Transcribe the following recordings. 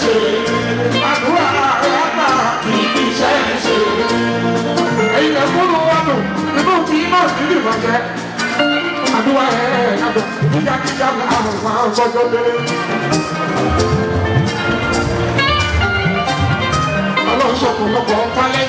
ṣe àdúrà ara máa kì í ṣe ṣe. ẹ̀yin ẹ̀kúrú wa nù inú tí náà sì lè máa jẹ́ àdúrà ẹ̀ yàtọ̀ kíákíá làwọn máa ń gbọ́jọ́ dé. ọlọ́run ṣọ̀pọ̀lọpọ̀ pálẹ̀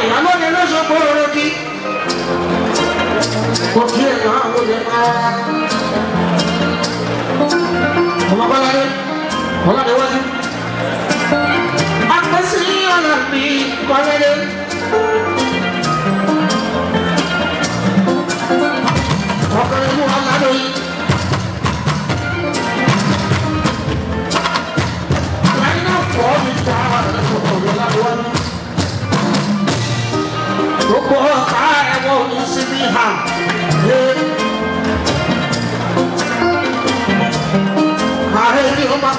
àwọn ìyálóde lóṣogbo orogi kò kí èèyàn àwọn olè pa ọmọ bọ́lá dé ọlọ́dẹ wájú.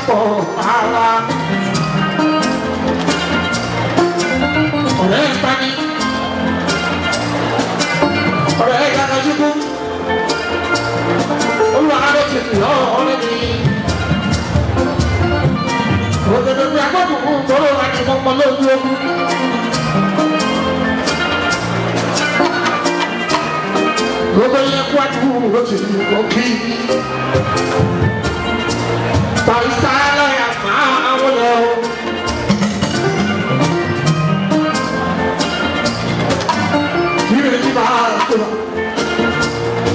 pọ̀ ara. ọ̀rẹ́ ìpani ọ̀rẹ́ ìdánilójú olùwà ló ti fi hàn ọ́lẹ́ mi. òdòdó mi agbọ́dùnkún tóró wa ni mo mọ lójú ogun. Gbogbo ilé kwadu ló ti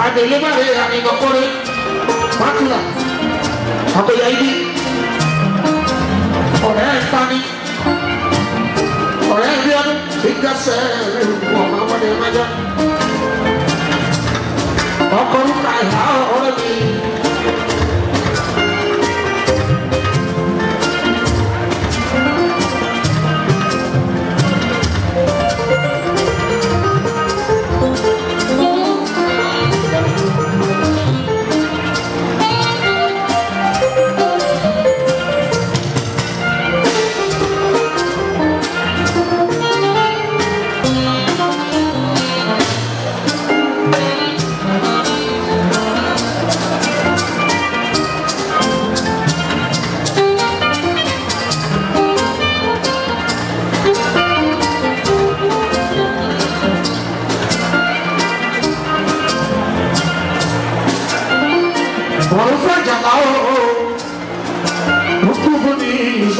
I deliver it and you go Makula. Ako yaidi. Ọ̀rẹ́ ẹ̀ ta ni. Ọ̀rẹ́ ẹ̀ bí ọdún.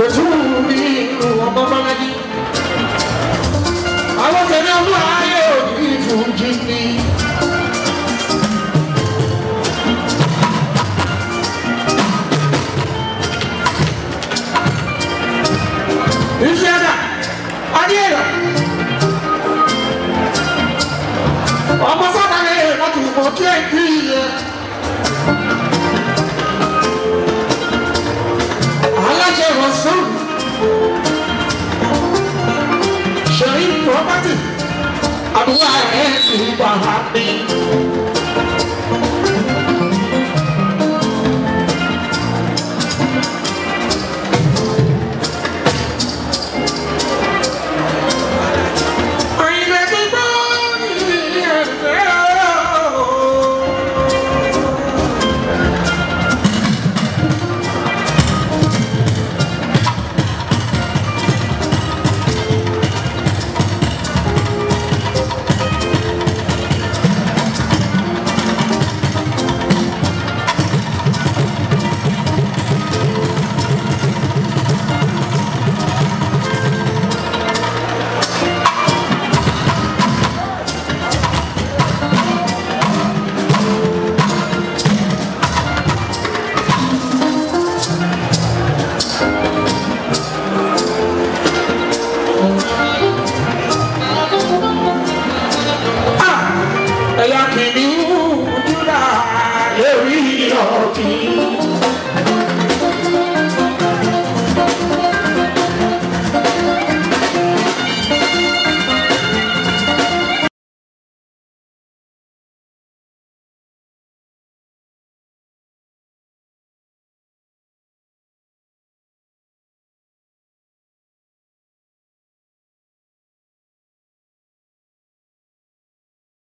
Cause you bem